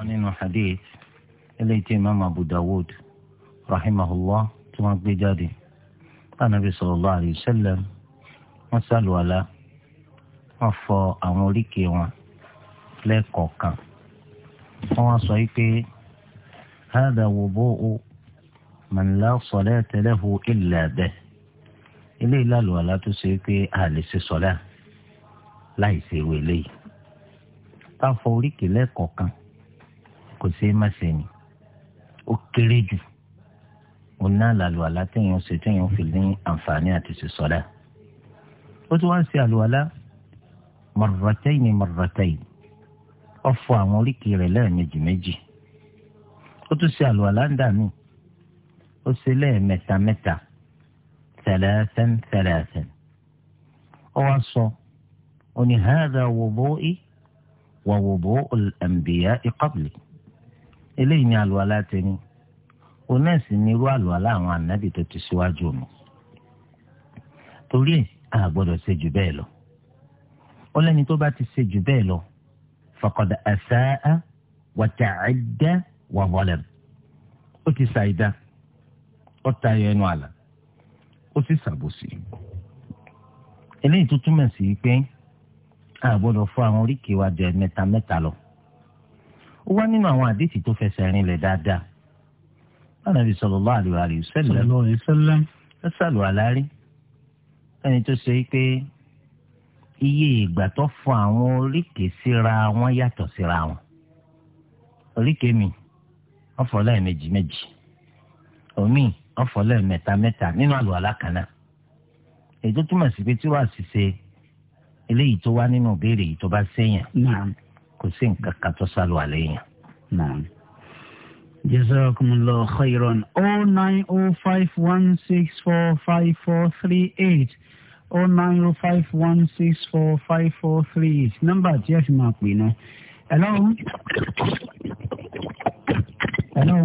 wọn nínú hadith eléyìí tí imaamu abu dawud rahimahullah tí wọn gbé jáde anabi sallallahu alayhi wa sallam wọn sàlùwàlà wọn fọ àwọn oríkèé wọn lẹ́ẹ̀kọ̀ọ̀kan wọn wá sọ pé hada wubu'u man la salata lahu illa bih eléyìí lálùwàlà tó ṣe pé a lè láì ṣe wẹlé yìí fọ oríkèé lẹ́ẹ̀kọ̀ọ̀kan kò ṣeé má ṣe ni ó kéré jù òun náà làlùwàlá téèyàn ṣe téèyàn fi ní àǹfààní àti ṣèṣọ́dá ó tún wá ń ṣe àlùwàlá marratayn marratayn ó fọ àwọn oríkèé rẹ̀ lẹ́ẹ̀mejì méjì ó tún ṣe àlùwàlá ń dà mí ó ṣe lẹ́ẹ̀mẹ́ta mẹ́ta thalathan thalathan ó wá sọ ó ní hadha wudu'i wa wudu'u al-anbiya'i qabli eléyìí ni àlùwàlá tèmi òun náà sì ní irú àlùwàlá àwọn ànábì tó ti síwájú mi torí a gbọ́dọ̀ ṣe jù bẹ́ẹ̀ lọ ó lẹ́ni tó bá ti ṣe jù bẹ́ẹ̀ lọ faqad asaa wa ta'adda ó ti ṣàìdá ó tayọ ẹnu àlà ó sì ṣàbòsí eléyìí tó túmọ̀ sí pé a gbọ́dọ̀ fọ àwọn oríkèé wa jẹ mẹ́ta mẹ́ta lọ ó wá nínú àwọn àdìsí tó fẹsẹ̀ rinlẹ̀ dáadáa Ànábì sallallahu alaihi wasallam ẹ sàlù àlárí ẹni tó ṣe pé iye ìgbà tó fọ àwọn oríkèé síra wọn yàtọ̀ síra wọn oríkèé mi wọ́n fọ lẹ́ẹ̀mejì méjì omi wọ́n fọ lẹ́ẹ̀mẹ́ta mẹ́ta nínú àlùwàlá kan náà èyí tó túmọ̀ sí pé tí wàá ṣiṣẹ́ eléyìí tó wá nínú ìbéèrè yìí tó bá ṣèyàn kò sí nǹkan kan tó sálọ àlẹ́ yẹn. jazakumullahu khairan oh nine oh five one six four five four three eight oh nine oh five one six four five four three eight nọ́mbà tí ẹ fi máa pè náà. hello. hello.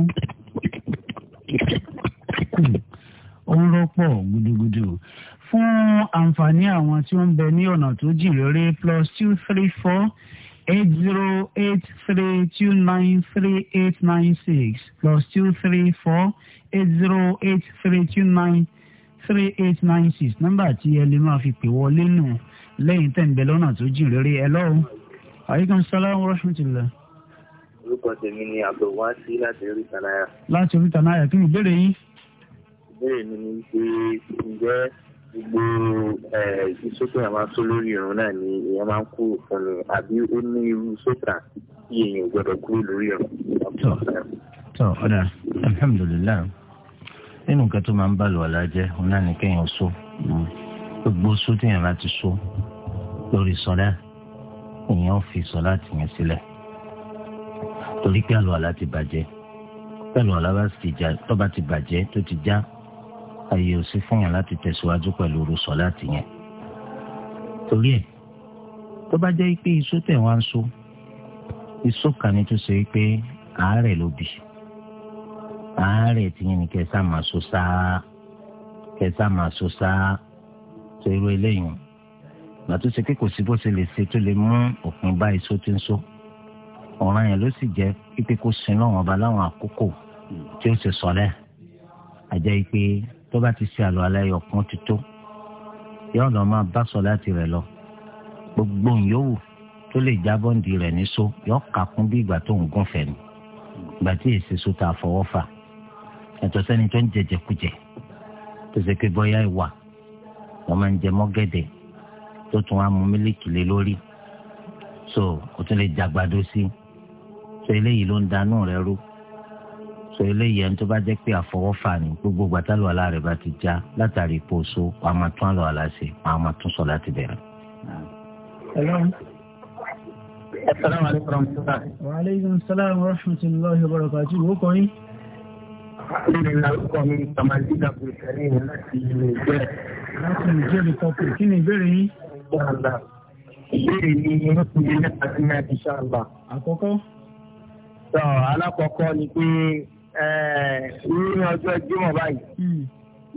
òun ló pọ̀ gudugudu fún àǹfààní àwọn tí ó ń bẹ ní ọ̀nà tó jìn lórí plus two three four eight zero eight three two nine three eight nine six plus two three four eight zero eight three two nine three eight nine six nọ́mbà tí ẹ lè máa fi pè wọlé nù lẹ́yìn tẹ̀ ń bẹ lọ́nà tó jìn rere ẹ lọ́wọ́ aleykum salaam wa rahmatulah. orúkọ tèmi ni abdulwasi láti oríta náírà. láti oríta náírà kí ni ìbéèrè yín. ìbéèrè mi ni pé ǹjẹ́ gbogbo sókè yẹn máa tó lórí irun náà ni èèyàn máa ń kúrò fún mi àbí ó ní irú sókè àti tí èèyàn gbọ́dọ̀ kúrò lórí irun. tó ọ̀dà alhamdulilayi nínú nǹkan tó máa ń bá lọ́la jẹ́ òun náà ni kéèyàn so gbogbo sókè yẹn láti so lórí sọlá èèyàn fi sọlá tìyẹn sílẹ̀ torí pé àlọ́ àlá ti bàjẹ́ pẹ̀lú àlá bá ti bàjẹ́ tó ti já àyè ò sí fún yàn láti tẹ̀síwájú pẹ̀lú irú sọ̀láàtì yẹn. torí ẹ̀ tó bá jẹ́ pé iṣó tẹ̀ wá ń so iṣó kan ni tó ṣe pé àárẹ̀ ló bì àárẹ̀ tí yẹn ni kẹsà máa so sáá kẹsà máa so sáá tó irú eléyìí gbàtó ṣe pé kò sí bó ṣe lè ṣe tó lè mú òpin bá iṣó tí ń so ọ̀ràn yẹn ló sì jẹ́ pípé kó sin lọ́wọ́n ọba láwọn àkókò tí ó ṣe sọ̀lẹ́ àjẹ́ pé tó bá ti ṣe àlọ́ alẹ́ ọ̀kan ti tó yóò lọ máa bá sọ láti rẹ̀ lọ gbogbo yòówù tó lè jábọ́ ǹdí rẹ̀ ní so yóò kà kún bí ìgbà tó ń gún fẹ̀ ni ìgbà tí èsì so ta fọwọ́ fà ẹ̀tọ́ sẹ́ni tó ń jẹjẹkújẹ tó ṣe pé bọ́yá ìwà wọ́n máa ń jẹ mọ́gẹ́dẹ̀ tó tún wá mú mílíkì lé lórí so o tún lè jàgbádó sí so eléyìí ló ń danú rẹ̀ rú sọ eléyìí ẹni tó bá jẹ́ pé àfọwọ́fà ni gbogbo gbàtàlù àlá bá ti já látàrí ipò so wàá máa tún àlọ́ àlá ṣe wàá máa tún sọ láti bẹ̀rẹ̀. ìbéèrè ni ó kú ilé àti náà Àkọ́kọ́. Sọ alákọ̀ọ́kọ́ ni pé Eh, ní ọjọ́ jímọ̀ báyìí hmm.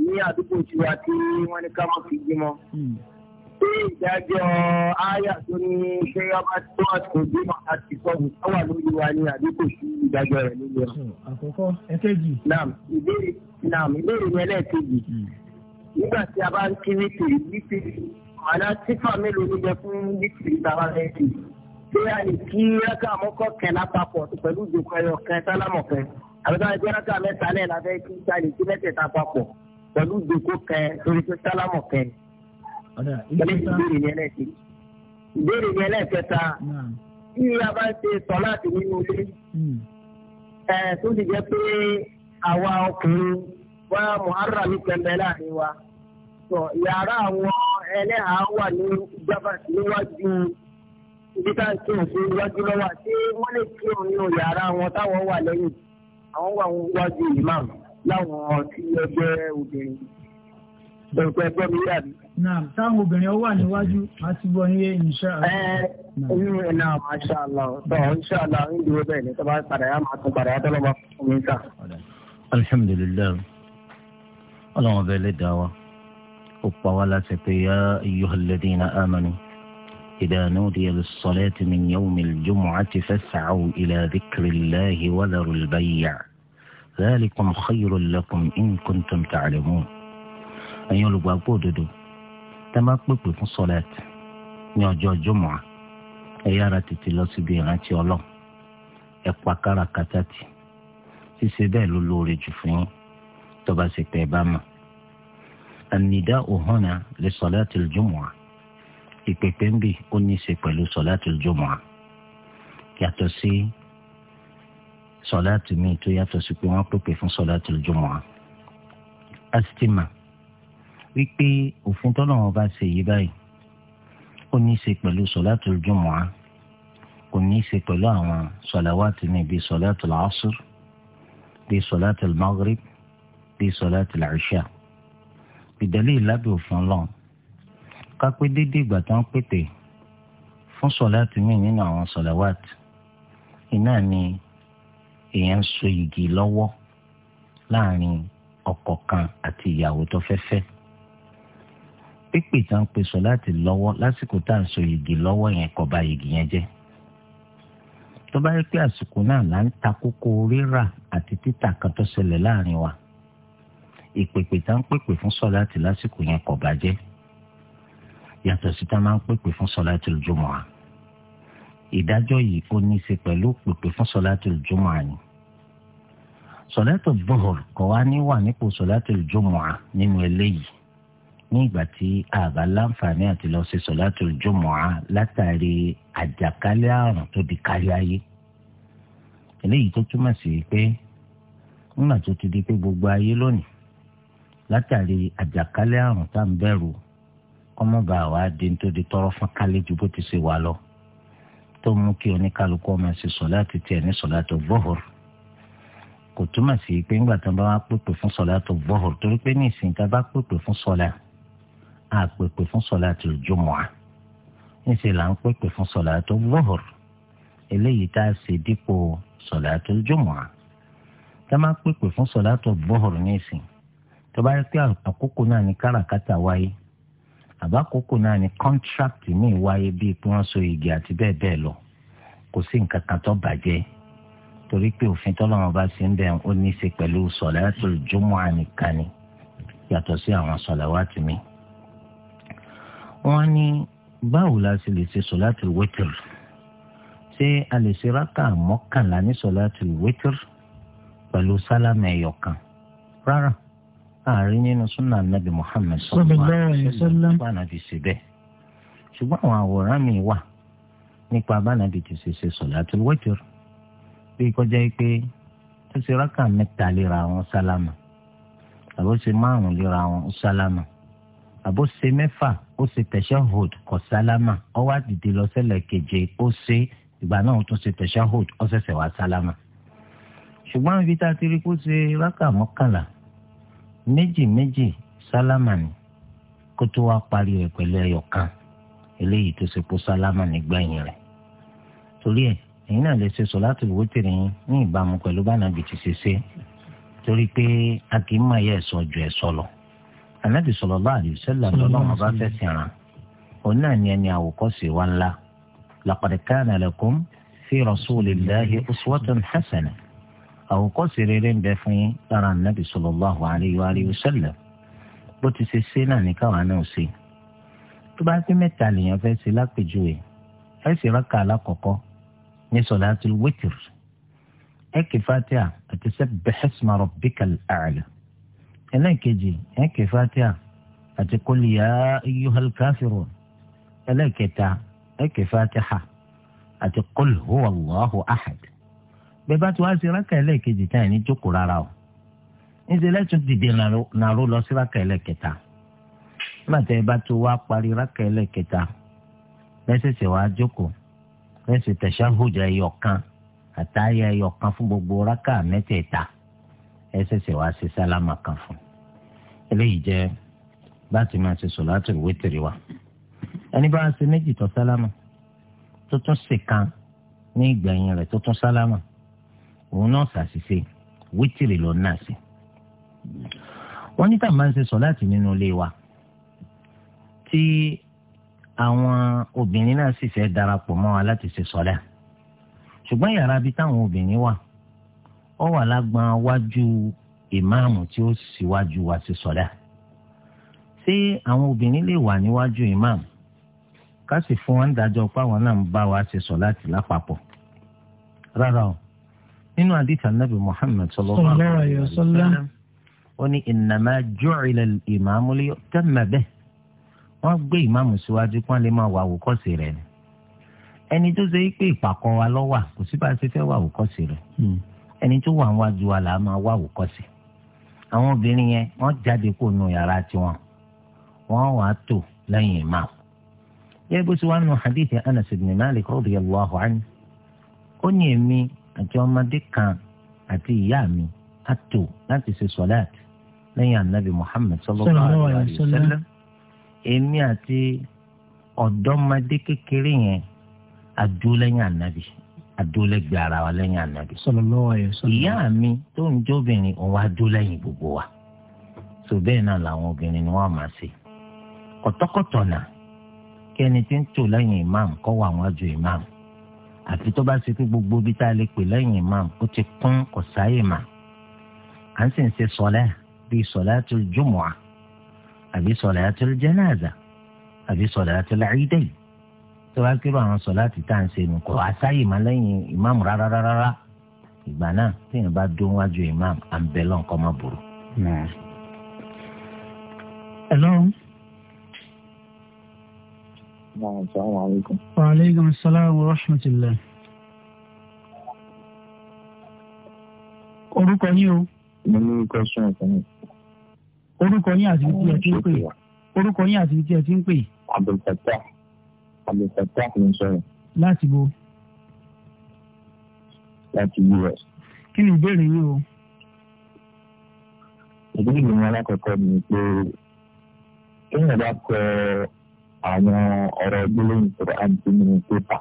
ní àdúgbò tiwa tí wọ́n ní ká mọ̀ sí jímọ̀ pé hmm. ìdájọ́ àyà tó ní ṣé ọba tó àtò bímọ àti sọ́ọ̀bù tó wà lórí wa ní àdúgbò sí ìdájọ́ rẹ̀ lórí wa. Hmm. àkọ́kọ́ ẹ̀kẹ́jì. naam ìbéèrè naam ìbéèrè mi ẹlẹ́ẹ̀kejì. nígbà tí a bá ń kiri tèrè nítorí àná sífà mélòó ló jẹ fún nítorí tàbá rẹ̀ tì. ṣé a lè kí ẹ̀ka àmọ́kọ́ kẹ̀ lápapọ̀ pẹ̀lú ìjòkó ẹyọ kẹ sálámọ̀ kẹ àbí báyìí pé rákà mẹ́ta lẹ́yìn lábẹ́ kí n ṣàlè kí mẹ́tẹ̀ẹ̀ta papọ̀ pẹ̀lú ìdòkó kẹ torí pé sálámù kẹ. ìbéèrè ni ẹlẹ́ẹ̀kejì ìbéèrè ni ẹlẹ́ẹ̀kẹta tí a bá ń ṣe sọ́láàtì nínú ilé hmm. ẹ̀ tó ti jẹ́ pé àwa ọkùnrin wá muhara mi kẹ̀mbẹ́ láàrin wa sọ yàrá àwọn ẹlẹ́hàá wà ní ìjábá níwájú ibi tá à ń kírun sí iwájú lọ́wọ́ àti wọ́n lè kírun nínú yàrá wọn táwọn wà lẹ́yìn. àwọn wà wọn wájú imam láwọn tí ó jẹ́ obìnrin ẹ̀kọ́ ẹ̀kọ́ mi yà mí. náà táwọn obìnrin wà níwájú a ti gbọ́ níye insha Allah. inú ẹ̀ náà masha Allah tọ́ insha Allah ń dúró bẹ́ẹ̀ ní sábà padà yá máa tún padà yá tọ́lọ́ bá fún mi ká. alhamdulilayi ọlọ́run ọba ẹlẹ́dàá wa ó pa wá láti pé yá ayyuhal ladina amanu. إذا نودي للصلاة من يوم الجمعة فاسعوا إلى ذكر الله وذروا البيع zalikum khayrun lakum in kuntum ta'lamun ẹ̀yin olùgbàgbọ́ òdodo tá a máa pèpè fún sọ́láàtì ní ọjọ́ jùmọ̀ ẹ yára tètè lọ síbi ìrántí ọlọ́run ẹ pa káràkátà tì ṣíṣe bẹ́ẹ̀ ló lóore jù fún yín tó bá ṣe pẹ́ bá mọ̀. an-nidā'u huna li salātil jumu'ah ìpèpè ń bì ó ní í ṣe pẹ̀lú salātil jumu'ah yàtọ̀ sí sọláàtì míì tó yàtọ̀ sí pé wọ́n pèpè fún sọláàtì jùmọ̀á. a sì ti mà wípé òfin tọ́lọ̀ wọn bá ṣe yí báyìí ó ní í ṣe pẹ̀lú sọláàtì jùmọ̀á kò ní í ṣe pẹ̀lú àwọn sọláwàtì míì bíi sọláàtì làásùr bíi sọláàtì magrib bíi sọláàtì làṣà. ìdẹ́lẹ́ ìlàbẹ̀ òfin lọ́n kápẹ́ déédéé ìgbà tó ń pètè fún sọláàtì míì nínú àwọn sọláwàtì iná ni èèyàn so igi lọ́wọ́ láàrin ọkọ kan àti ìyàwó tó fẹ́ fẹ́ pípè tá à ń pè sọ láti lọ́wọ́ lásìkò tá à ń so igi lọ́wọ́ yẹn kò bà igi yẹn jẹ́ tó bá rí pé àsìkò náà là ń ta kókó rírà àti títà kan tó ṣẹlẹ̀ láàrin wa ìpèpè tá à pèpè fún sọ láti lásìkò yẹn kò bàjẹ́ yàtọ̀ sí tá a máa ń pèpè fún sọ láti lójúmọ́ wa ìdájọ́ yìí ó ní í ṣe pẹ̀lú pèpè fún sọ̀látùl jumu'ah ni sọ̀látùl zuhur kò wá ní wà nípò sọ̀látùl jumu'ah nínú eléyìí ní ìgbà tí àbá láǹfààní àti lọ sí sọ̀látùl jumu'ah látàrí àjàkálẹ̀ àrùn tó di kárí ayé eléyìí tó túmọ̀ sí pé nígbà tó ti di pé gbogbo ayé lónìí látàrí àjàkálẹ̀ àrùn tá à ń bẹ̀rù kọ́mọ́bà wa di nítorí tọrọ fún kálẹ̀ ju bó ti ṣe wà lọ tó mú kí oníkálukú ọmọ ṣe sọlá ti tiẹ̀ ní sọlá tó vọ́hùr kò túmọ̀ sí pé ńgbà tán bá wá pèpè fún sọlá tó vọ́hùr torí pé ní ìsìn tá a bá pèpè fún sọlá a pèpè fún sọlá tó jùmọ̀á níṣẹ́ là ń pèpè fún sọlá tó vọ́hùr eléyìí tá a ṣe dípò sọlá tó jùmọ̀á tá a pèpè fún sọlá tó vọ́hùr ní ìsìn tó bá rí pé àkókò náà ní káràkátà wáyé àbákòókò náà ni contract mi wáyé bíi pé wọ́n so igi àti bẹ́ẹ̀ bẹ́ẹ̀ lọ kò sí nǹkan kan tó bàjẹ́ torí pé òfin tọ́lọ́wọ́n bá ṣe ń bẹ̀ ó ní í ṣe pẹ̀lú sọ̀látul jumu'a nìkan ni yàtọ̀ sí àwọn sọ̀láwátì mi. wọ́n ní báwo la ṣe lè ṣe sọ̀látul witr ṣé a lè ṣe rákà mọ́kànlá ní sọ̀látul witr pẹ̀lú sálámù ẹ̀yọ̀kan rárá àárín nínú súnà nàbì Muhammad sallallahu alaihi wasallam nàbì ṣe bẹ́ẹ̀ ṣùgbọ́n àwọn àwòrán mi wà nípa abánàbì ti ṣe ṣe solatul witr bí kọjá yìí pé ó ṣe rákà mẹ́ta léra wọn sálámà àbó ṣe márùn léra wọn sálámà àbó ṣe mẹ́fà ó ṣe tashahhud kọ sálámà ó wá dìde lọ sẹ́lẹ̀ keje ó ṣe ìgbà náà ó tún ṣe tashahhud ó ṣẹ̀ṣẹ̀ wá sálámà ṣùgbọ́n ibi tá a ti rí kó ṣe rákà mọ́kànlá méjì méjì sálámà ni kó tó wá parí rẹ̀ pẹ̀lú ẹyọ kan eléyìí tó ṣe kó sálámà ní gbẹ̀yìn rẹ̀ torí ẹ̀ ẹ̀yin náà lè ṣe sọ̀látù wítìrì yín ní ìbámu pẹ̀lú bánàbì ti ṣe ṣe torí pé a kì í mọ ẹyẹ ẹ̀sọ́ ju ẹ̀sọ́ lọ ànábì sallallahu alaihi wasallam lọ́lọ́run ọba fẹ̀sìn rán òun náà ni ẹni àwòkọ́ṣe wa ńlá laqad kana lakum fi rasulillahi uswatun hasanah àwòkọ́ṣe rere ń bẹ fún yín lára nàbì sallallahu alayhi wa alihi wa sallam bó ti ṣe ṣe náà ní káwa náà ṣe tó bá pé mẹ́ta lèèyàn fẹ́ ṣe lápèjúwe ẹ sì rákà alákọ̀ọ́kọ́ ní sọ̀láàtì wítìr ẹ kì fatiha àti sabbih isma rabbikal a'la ẹlẹ́ẹ̀kejì ẹ kì fatiha àti qul ya ayyuhal ẹlẹ́ẹ̀kẹta ẹ kì fatiha àti qul huwa allahu bẹ́ẹ̀ bá ti wá rákà ẹlẹ́ẹ̀kejì tá ẹ̀ ní jókòó rárá o níṣẹ́ lẹ́tún dìde nàró lọ sí rákà ẹlẹ́ẹ̀kẹta nígbà ẹ bá tó wá parí rákà ẹlẹ́ẹ̀kẹta lẹ́sẹ̀sẹ̀ wá jókòó lẹ́sẹ̀ tẹ̀síáhùdù ẹyọ kan àtàyà kan fún gbogbo rákà mẹ́tẹ̀ẹ̀ta sálámà kan fún eléyìí jẹ́ láti máa ṣe sọ̀láàtù wítìrì wa ẹni bá ṣe méjì tó sálámà tó tún ṣèkan ní ìgbẹ̀yìn rẹ̀ tó òun náà ṣàṣìṣe wítìrì ló ń nà sí. wọ́n ní tá a máa ń ṣe sọ́láàtì nínú ilé wa tí àwọn obìnrin náà sì fẹ́ darapọ̀ mọ́ wa láti ṣe sọ́lá ṣùgbọ́n yàrá bíi táwọn obìnrin wà ó wà lágbọ́n wájú ìmáàmù tí ó síwájú wa ṣe sọ́lá ṣé àwọn obìnrin lè wà níwájú ìmáàmù ká sì fún wọn dájọ́ pé àwọn náà ń bá wa ṣe sọ́lá tì lápapọ̀ rárá o nínú àdìtà nàbì Muhammad sallallahu alaihi wasallam ó ní innama ju'ila al-imamu liyu'tamma bihi wọ́n gbé ìmáàmù síwájú kí wọ́n lè máa wà àwòkọ́ṣe rẹ̀ ni ẹni tó ṣe pé ìpàkọ́ wa lọ wà kò sí bá a ṣe fẹ́ wà àwòkọ́ṣe rẹ̀ hmm. ẹni tó wà níwájú wa là á máa wà àwòkọ́ṣe àwọn obìnrin yẹn wọ́n jáde kó nu yàrá tiwọn wọ́n wà á tò lẹ́yìn ìmáàmù yẹ bó ṣe wà nù hadith Malik radiyallahu anhu ó ní èmi àti ọmọdé kan àti ìyá mi á tò láti ṣe sọláàtì lẹ́yìn anabi muhammed sallallahu alayhi wa èmi àti kékeré yẹn àdó lẹ́yìn anabi àdó lẹ́gbẹ̀ẹ́ ara wa lẹ́yìn anabi. ìyá mi tó ń jóbìnrin òun àdó gbogbo wa tó bẹ́ẹ̀ náà làwọn obìnrin ni wọ́n máa ṣe kọ̀tọ́kọ̀tọ̀ náà kí ẹni tí ń tò lẹ́yìn kọ́ wà wọ́n ju àfi tó bá ṣe pé gbogbo bí tá a lè pè lẹ́yìn imam ó ti kún kò sáyè mà à ń sì ń ṣe sọlẹ́ bíi sọlátul jumu'ah àbí sọlátul janaza àbí sọlátul idayn tó bá kérò àwọn sọláàtì tá à ń ṣe nù kò wá lẹ́yìn imam rárá ìgbà náà téèyàn bá dún wájú imam à ń bẹ lọ́nkọ́ ẹ lọ́run. Náà sàmà aleykum. Wa aleykum salaam wa rahmatulah. Orúkọ yín o. Mo ní kọ́sùn ọ̀sán náà. Orúkọ yín àti ibi tí ẹ ti ń pè. Orúkọ yín àti ibi tí ẹ ti ń pè. Abdulkata. Abdulkata ló ń sọ̀rọ̀. Láti bo. Láti US. Kí ni ìbéèrè yín o? Ìbéèrè mi alákọ̀ọ́kọ́ ni pé kéèyàn bá kọ àwọn ọ̀rọ̀ gbólóhùn Quran tí nínú pépà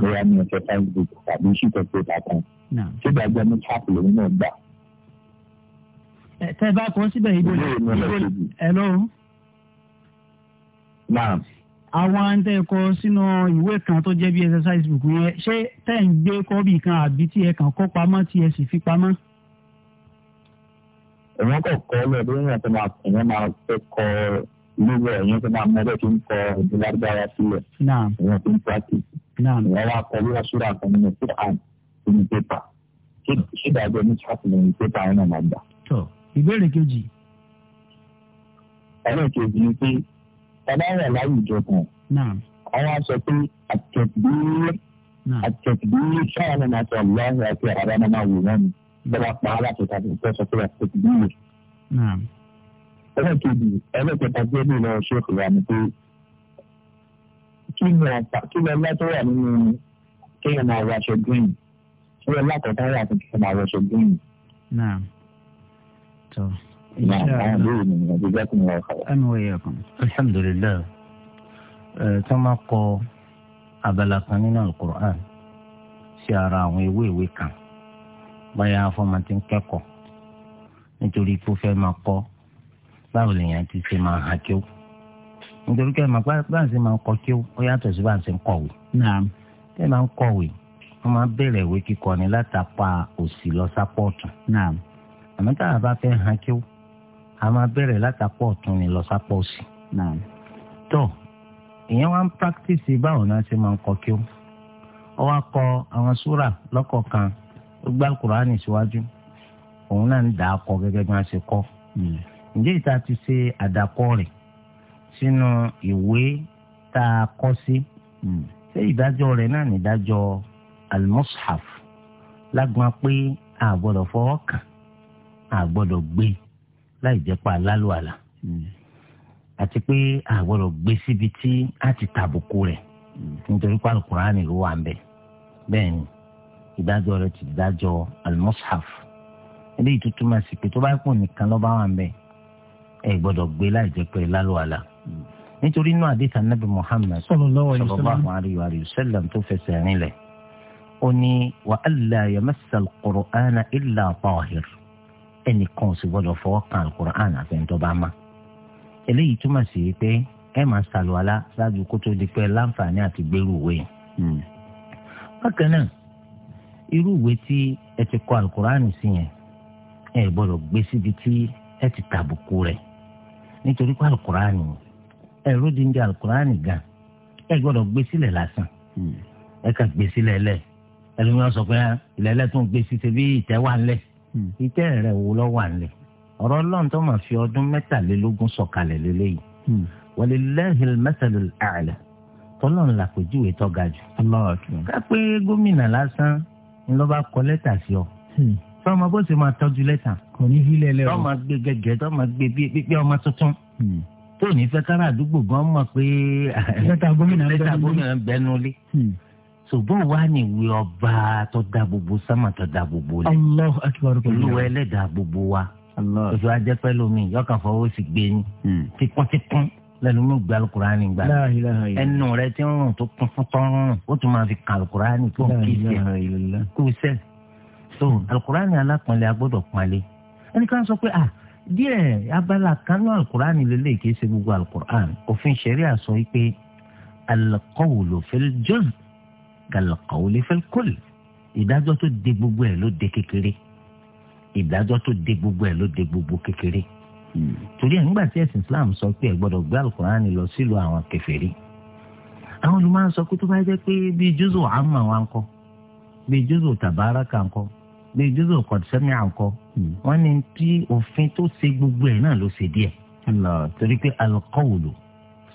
bóyá ní ọ̀sẹ̀ five book tàbí ṣùtọ̀ pépà kan tí ìdájọ́ ní chap lòun náà gbà. tẹ bá kọ síbẹ̀ ibo ẹ lọ́rùn. àwọn àǹtẹ̀ kọ sínú ìwé kan tó jẹ́ bí exercise book yẹn ṣé tẹ̀ ń gbé kọ́bì kan àbí tí ẹ kàn kọ́ pamọ́ tí ẹ sì fi pamọ́ èèyàn kò kọ́ lẹ̀ bí máa fẹ́ kọ́ gbogbo ẹ̀yin tó máa mẹ́rẹ̀ tó ń kọ ọdún lárúbáwá sílẹ̀ ìwọ̀n tó ń practice ìwọ̀n wa kọ lóra sóra kan nínú quran nínú pépà ṣídàájọ́ ní chat nínú pépà yẹn náà máa gbà. ìbéèrè kejì. ọ̀rọ̀ kejì ni pé ọba wà láwùjọ kan àwọn aṣọ pé àtẹ̀gbẹ́ àtẹ̀gbẹ́ sáà ní màtí ọ̀lọ́run àti àbámọ́ máa wò wọ́n ni bọ́lá pa á láti tàbí ìfẹ́ sọ pé àtẹ̀gbẹ́ ẹlẹ́kejì ẹlẹ́kẹta tí ó lè lọ ṣe ìfìyà ni pé kí ni ọ̀pá kí ni ọlá tó wà nínú kéèyàn máa wọ aṣọ green kí ni ọlá kọ̀ọ̀kan wà fún kéèyàn máa wọ aṣọ green. náà tó alhamdulilayi tí wọ́n kọ abala kan nínú alukur'an sí ara àwọn ewé ìwé kan báyà fọmọ ti ń kẹ́kọ̀ọ́ nítorí pé fẹ́ máa kọ́ báwo lèèyàn ti ṣe máa hàn kí ó nítorí kẹ́ ẹ̀ máa bá ń ṣe máa ń kọ kí ó ó yàtọ̀ sí bá ń ṣe ń kọ̀wé. kẹ́ ẹ̀ máa ń kọ̀wé wọ́n máa bẹ̀rẹ̀ ìwé kíkọ ni látàpá òsì lọ sápọ̀tù. àmọ́ tá a bá fẹ́ hàn kí o a máa bẹ̀rẹ̀ látàpá ọ̀tún ni lọ sápọ̀ òsì. tó ìyẹn wá kọ kí ó wá kọ àwọn súrà lọ́kọ̀ọ̀kan ó gbá Kùránì síwájú òun náà ń kọ ǹjẹ́ ìta ti ṣe àdàkọ rẹ̀ sínú ìwé tá a kọ sí hmm. ṣé ìdájọ́ rẹ̀ náà ní ìdájọ́ al lágbọn pé a gbọ́dọ̀ fọwọ́ kàn a gbọ́dọ̀ gbé láì jẹ́ pa lálùwàlà hmm. àti pé a gbọ́dọ̀ gbé síbi tí a ti tàbùkù rẹ̀ hmm. nítorí pé alukurani ló wà ń bẹ̀ bẹ́ẹ̀ ni ìdájọ́ rẹ̀ ti dájọ́ al-mushaf eléyìí tó túmọ̀ sí pé tó bá pọ̀ nìkan lọ́ba wà ń bẹ̀ ẹ gbọ́dọ̀ gbé láì jẹ́ pé lálùwàlà nítorí inú àdìsá nàbì Muhammad sallallahu alayhi wa sallam tó fẹsẹ̀ rinlẹ̀ ó ní wa alla yamassa al-Qur'ana illa tahir ẹnìkan ò sì gbọ́dọ̀ fọwọ́ kan al-Qur'an àfẹnudọ́ bá má eléyìí túmọ̀ sí pé ẹ máa ṣàlùwàlá ṣáájú kó tó di pé láǹfààní àti gbèrú ìwé hmm. bákan náà irú ìwé tí ẹ ti kọ al-Qur'an sí yẹn ẹ gbọ́dọ̀ gbé síbi tí ẹ ti tàbùkù rẹ̀ nítorí pé alukurani ẹrú di ń jẹ alukurani gan ẹ gbọ́dọ̀ gbé sílẹ̀ lásán hmm. ẹ kà gbé sílẹ̀ lẹ ẹlòmíràn sọ pé tó gbé sí tẹbi wà hmm. wò lọ wà máa fi hmm. ala pèjúwe ká pé gómìnà lásán ńlọ́ba tọ́mọ bó ṣe máa tọ́jú lẹ́tà. kò ní hílẹ̀ lẹ́wọ̀. tọ́mọ gbé gẹ́gẹ́ tọ́mọ gbé bí ọmọ tuntun. Hmm. tó ní fẹ́ kára àdúgbò gan mọ̀ pé. lẹ́tà gómìnà lẹ́tà gómìnà bẹnu lé. Hmm. ṣùgbọ́n wà ní ìwé ọba tó da gbogbo sámà tó da gbogbo lẹ̀. Allahu akbar olúwa ẹlẹ́dàá gbogbo wa. oṣù ajẹ́pẹ́ lómi yọkàn fọwọ́ sí gbé yín. Hmm. tikúntikún lẹ́nu mi gba alukurani gba ẹnu rẹ ti ń rùn tó kún fún tọ́rùn ó tún máa fi kàlùkurani tó ń kí sẹ́ kó sẹ́ so alukurani alápọ̀nlé agbọ́dọ̀ pọ̀nlé ẹnì kan sọ pé ah díẹ̀ abala kanú alukurani lélẹ̀ kìí ṣe gbogbo alukurani òfin ṣẹ̀ríà sọ pé alqawlu fil juz kalqawli fil kull ìdájọ́ tó de gbogbo ẹ̀ ló de kékeré ìdájọ́ tó de gbogbo ẹ̀ ló de gbogbo kékeré hmm. torí ẹ̀ nígbà tí ẹ̀sìn Islam sọ pé ẹ̀ gbọ́dọ̀ gbé alukurani lọ sílùú àwọn kèfèrí àwọn olùmọ̀ sọ pé tó bá jẹ́ pé bíi juz'u amma wa ń bíi juz'u tabaraka ń kọ́ lè jùzọ kọ̀tùsẹ́mì àkọ́ wọ́n ní tí òfin tó ṣe gbogbo ẹ̀ náà ló ṣe díẹ̀ torí pé alukọ́wùlù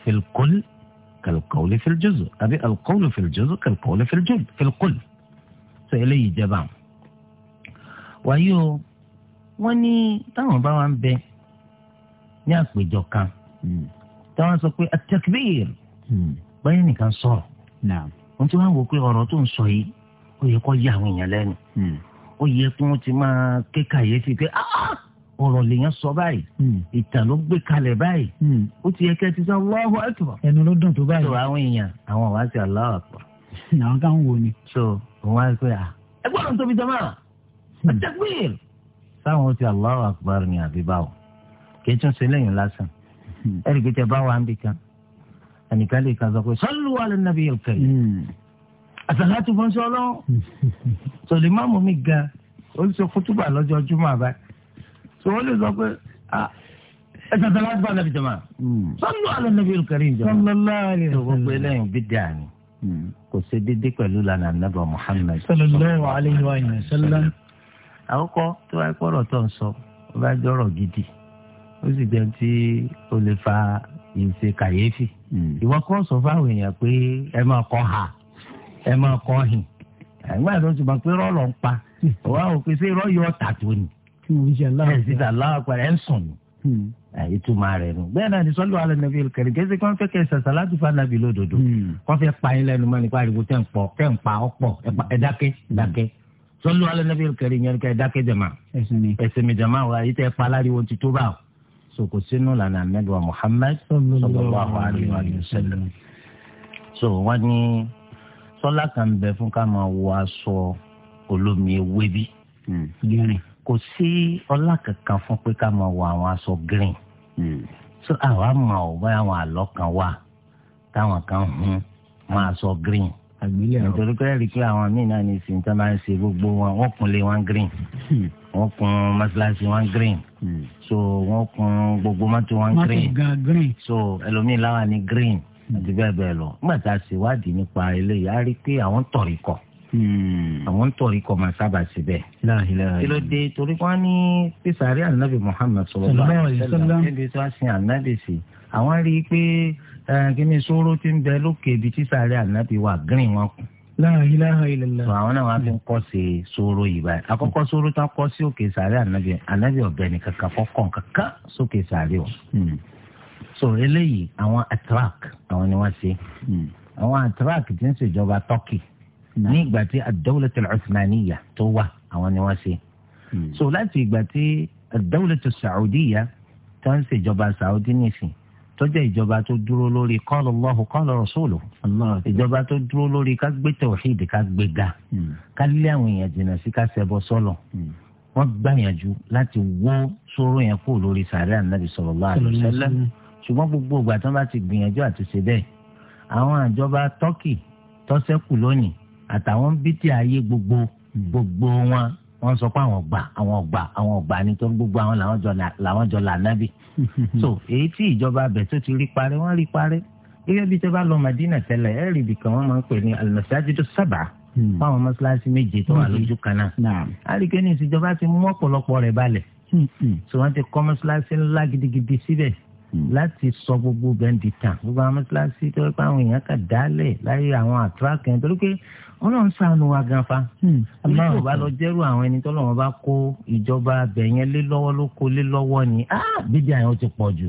fìlkọ́lì kàlùkọ́wùlù fìljùzọ àbí alukọ́wùlù fìljùzọ kàlùkọ́wùlù fìlkọ́lì sọ eléyìí jẹba wàyí o wọ́n ní táwọn bá wa ń bẹ ní àpèjọ kan hmm. táwọn sọ pé atakbir hmm. báyìí nìkan sọ̀rọ̀ wọ́n ti wá wò pé ọ̀rọ̀ tó ń sọ yìí ó yẹ kó yà àwọn èèyàn lẹ́nu hmm ó yẹ kí wọ́n ti máa ké kàyéfì pé ah, ah, ọ̀rọ̀ lèèyàn sọ báyìí hmm. ìtàn ló gbé kalẹ̀ báyìí hmm. ó ti yẹ kẹ́ ti sọ Allahu Akbar. ẹnu ló dùn tó báyìí. tó àwọn èèyàn àwọn wá sí Allahu Akbar. àwọn kan wò ni. so òun á pé à ah, ẹ gbọ́dọ̀ tóbi jama hmm. àtẹ́gbìn. sáwọn ti Allahu Akbar ni àbí báwo kì í tún ṣe lẹ́yìn lásán ẹ̀rì pé tẹ ẹnìkan lè kan àsàlátù fúnṣẹ́ ọlọ́run sọ̀lì máàmù mi ga ó ń ṣe kútùbà lọ́jọ́ júmọ̀ àbá tó wọ́n lè sọ pé ah, ẹ sàtàlá bá nàbì jama sọ́nù àlọ́ nàbì olùkàrí ìjọba sọ́nù àlọ́ tó gbogbo eléyìí bí dáa hmm. kò ṣe déédéé pẹ̀lú lànà nàbà Muhammad. sallallahu alayhi wa sallam. àkókò tó wáyé kọ́rọ̀ tó ń sọ ó bá jọ̀rọ̀ gidi ó sì jẹ́ tí ó lè fa ìṣe kàyéfì. Hmm. ìwọ kọ́ sọ fáwọn èèyàn pé ẹ máa kọ́ ha ẹ máa kọ́ hìn àgbà tó ti mọ̀ pé rọ́ọ̀lọ́ ń pa òwò àwọn òpèsè rọ́ọ̀yọ̀ ọ̀tà tó ni ẹ̀ sì dà láwọn àpẹẹrẹ ń sùn ni hmm. ìtumọ̀ rẹ̀ nù. bẹ́ẹ̀ náà ni sọ́lù alẹ́ nàbí kẹ̀rì kẹ́sì kan fẹ́ kẹ́ sàṣà láti fa nàbí lódodo. Hmm. wọ́n fẹ́ pa yín lẹ́nu mọ́ nípa àdìgbò tẹ̀ ń pọ̀ tẹ̀ ń pa ọ̀pọ̀ ẹ̀dákẹ́ hmm. dákẹ́. sọ́lù alẹ́ nàbí kẹ̀rì yẹn kẹ́ ẹ̀dákẹ́ jẹ̀mà. ẹ̀sìn mi jẹ̀mà wa yìí tẹ́ pa aláriwo ti tó bá o. sòkò sínú lànà mẹ́dùn wa Muhammad sallallahu alaihi wa so wọ́n ọlá kan bẹ fún ká máa wọ aṣọ olómi ewé bí hmm. green kò sí ọlá kankan fún pé ká máa wọ àwọn aṣọ green hmm. so àwa máa ò bá àwọn àlọ́ kan wà táwọn kan hun máa sọ green nítorí pé rí i pé àwọn míì náà ní ìsìn tí wọn máa ń ṣe gbogbo wọn wọn kunlé wọn green wọn kun mọ́ṣáláṣí wọn green hmm. so wọn kun gbogbo mọ́tò wọn green so ẹlòmíì láwa ní green àti bẹ́ẹ̀ bẹ́ẹ̀ lọ nígbà tá a ṣèwádìí nípa eléyìí a rí i pé àwọn tọ̀rí kọ̀ hmm. àwọn tọ̀rí kọ̀ máa sábà ṣe bẹ́ẹ̀. kí ló dé torí wọn ní písàárì ànábì Muhammad sallallahu alaihi wasallam níbi tí wọ́n sin ànábì sí àwọn rí i pé kíní sóró ti ń bẹ lókè ibi tí sàárì ànábì wà green wọn kù. La ilaha illallah. àwọn náà wàá fi ń kọ́ sí sóró yìí báyìí àkọ́kọ́ sóró tó kọ́ sí òkè sàárẹ̀ ànábì ànábì ọ̀bẹ nìkan kan fọ́kàn kankan sókè sàárẹ̀ o so eléyìí àwọn atrak àwọn ni wọ́n ṣe hmm. àwọn atrak ti ń ṣèjọba turkey ní ìgbà tí adawulatul usmaniya tó wà àwọn ni wọ́n ṣe hmm. so láti ìgbà tí adawulatul saudiya tó ń ṣèjọba saudi nìsín tó jẹ́ ìjọba tó dúró lórí qala Allahu qala rasuluhu ìjọba tó dúró lórí ká gbé tawhid ká gbé ga hmm. ká lé àwọn èèyàn jìnnà sí ká ṣẹbọ sọ́lọ̀ wọ́n gbàyànjú láti wó sóró yẹn kúrò lórí sàárẹ̀ ànábì sallallahu alaihi wasallam ṣùgbọ́n gbogbo ìgbà tí wọ́n bá ti gbìyànjú àti ṣe bẹ́ẹ̀ àwọn àjọba tọ́kì tọ́sẹ́kù lónìí àtàwọn bíi ayé gbogbo gbogbo wọn wọ́n sọ pé àwọn gbà àwọn gbà àwọn gbà nítorí gbogbo àwọn làwọn jọ lànábì so èyí tí ìjọba abẹ tó ti rí parí wọ́n rí parí gẹ́gẹ́ bíi tẹ́ bá lọ Madina tẹ́lẹ̀ ẹ rí ibìkan wọ́n máa ń pè ní almasajidu sábà hmm. fáwọn mọ́ṣáláṣí méje tó wà hmm. lójú kan náà àríkẹ́ ní ìsìjọba ti mú ọ̀pọ̀lọpọ̀ rẹ̀ balẹ̀ hmm, so wọ́n ti kọ́ mọ́ṣáláṣí ńlá gidigidi síbẹ̀ Hmm. láti sọ gbogbo bẹ́ńdì tàn gbogbo àwọn mọ́tíláṣí tó yẹ pé àwọn èèyàn kà dálẹ̀ láyé àwọn àtúrákẹ́ nítorí pé ọlọ́run ṣàánú wa gan fa ilé hmm. yóò bá lọ jẹ́rù àwọn ẹni tó lọ́wọ́ bá kó ìjọba bẹ̀yẹn lé lọ́wọ́ ló kó lé lọ́wọ́ ni ah, bíbí àwọn ti pọ̀ jù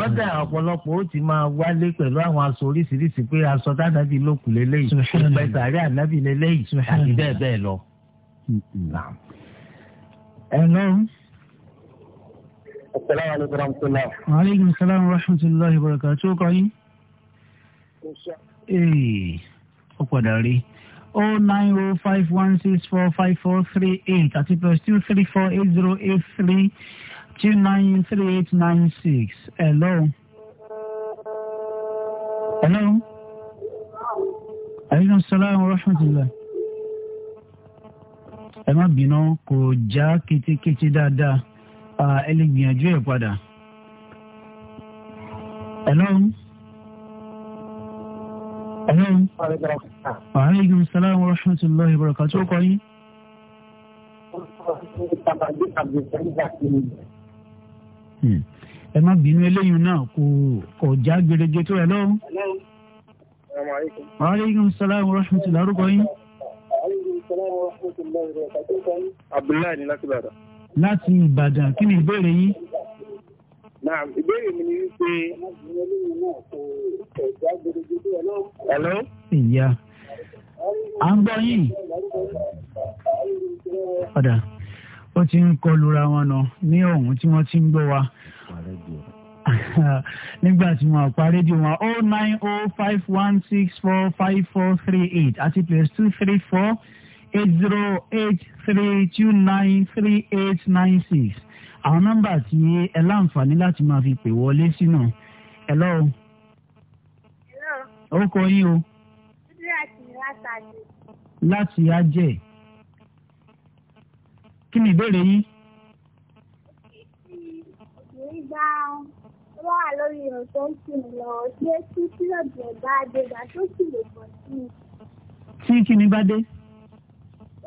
kọ́dà ọ̀pọ̀lọpọ̀ ó ti máa wálé pẹ̀lú àwọn aṣọ oríṣiríṣi pé aṣọ tánàbí ló kù lélẹ́yìí pẹ̀sàrí ànábì lélẹ́yìí àti bẹ́ẹ̀ bẹ́ẹ̀ lọ. ẹ̀ hmm, lọ́run Assalamu alaykum wa rahmatullahi. Wa alaykum assalam wa rahmatullahi wa barakatuh. Tó kọ O nine O oh five one six four five four three eight àti plus two three four eight zero eight three two nine three eight nine six. Hello. Hello. Aleykum salaam wa rahmatulah. Ẹ má bínú kò já ketekete dáadáa ẹ lè gbìyànjú ẹ̀ padà. Hello. Hello. Aleykum salaam wa rahmatulahi wa barakatuh. Ó kọ́ yín. Hmm. Ẹ má bínú eléyìí náà kò kò já gerege tó ẹ lọ́wọ́. Aleykum salaam wa rahmatulahi wa barakatuh. Abdullahi ni láti bàdà láti Ìbàdàn kí ni ìbéèrè yín. náà ìbéèrè mi ni wípé hello. ìyá à ń gbọ́ yín. ọ̀dà ó ti ń kọlura wọn nà ní ọ̀hún tí wọ́n ti ń gbọ́ wa nígbà tí wọn pa rédíò wọn oh nine oh five one six four five four three eight àti plus two three four eight zero eight three two nine three eight nine six àwọn nọ́mbà tí ẹ láǹfààní láti máa fi pè wọlé sínú ẹ lọ o. ó kọ yín o. láti ajẹ́. kí ni ìbéèrè yín. ìgbà wọ́n wà lórí ìrìn tó ń sìn lọ ṣé tí kílọ̀bù ẹ̀ bá dé gbà tó sì lè pọ̀ sí i. tí kíni bá dé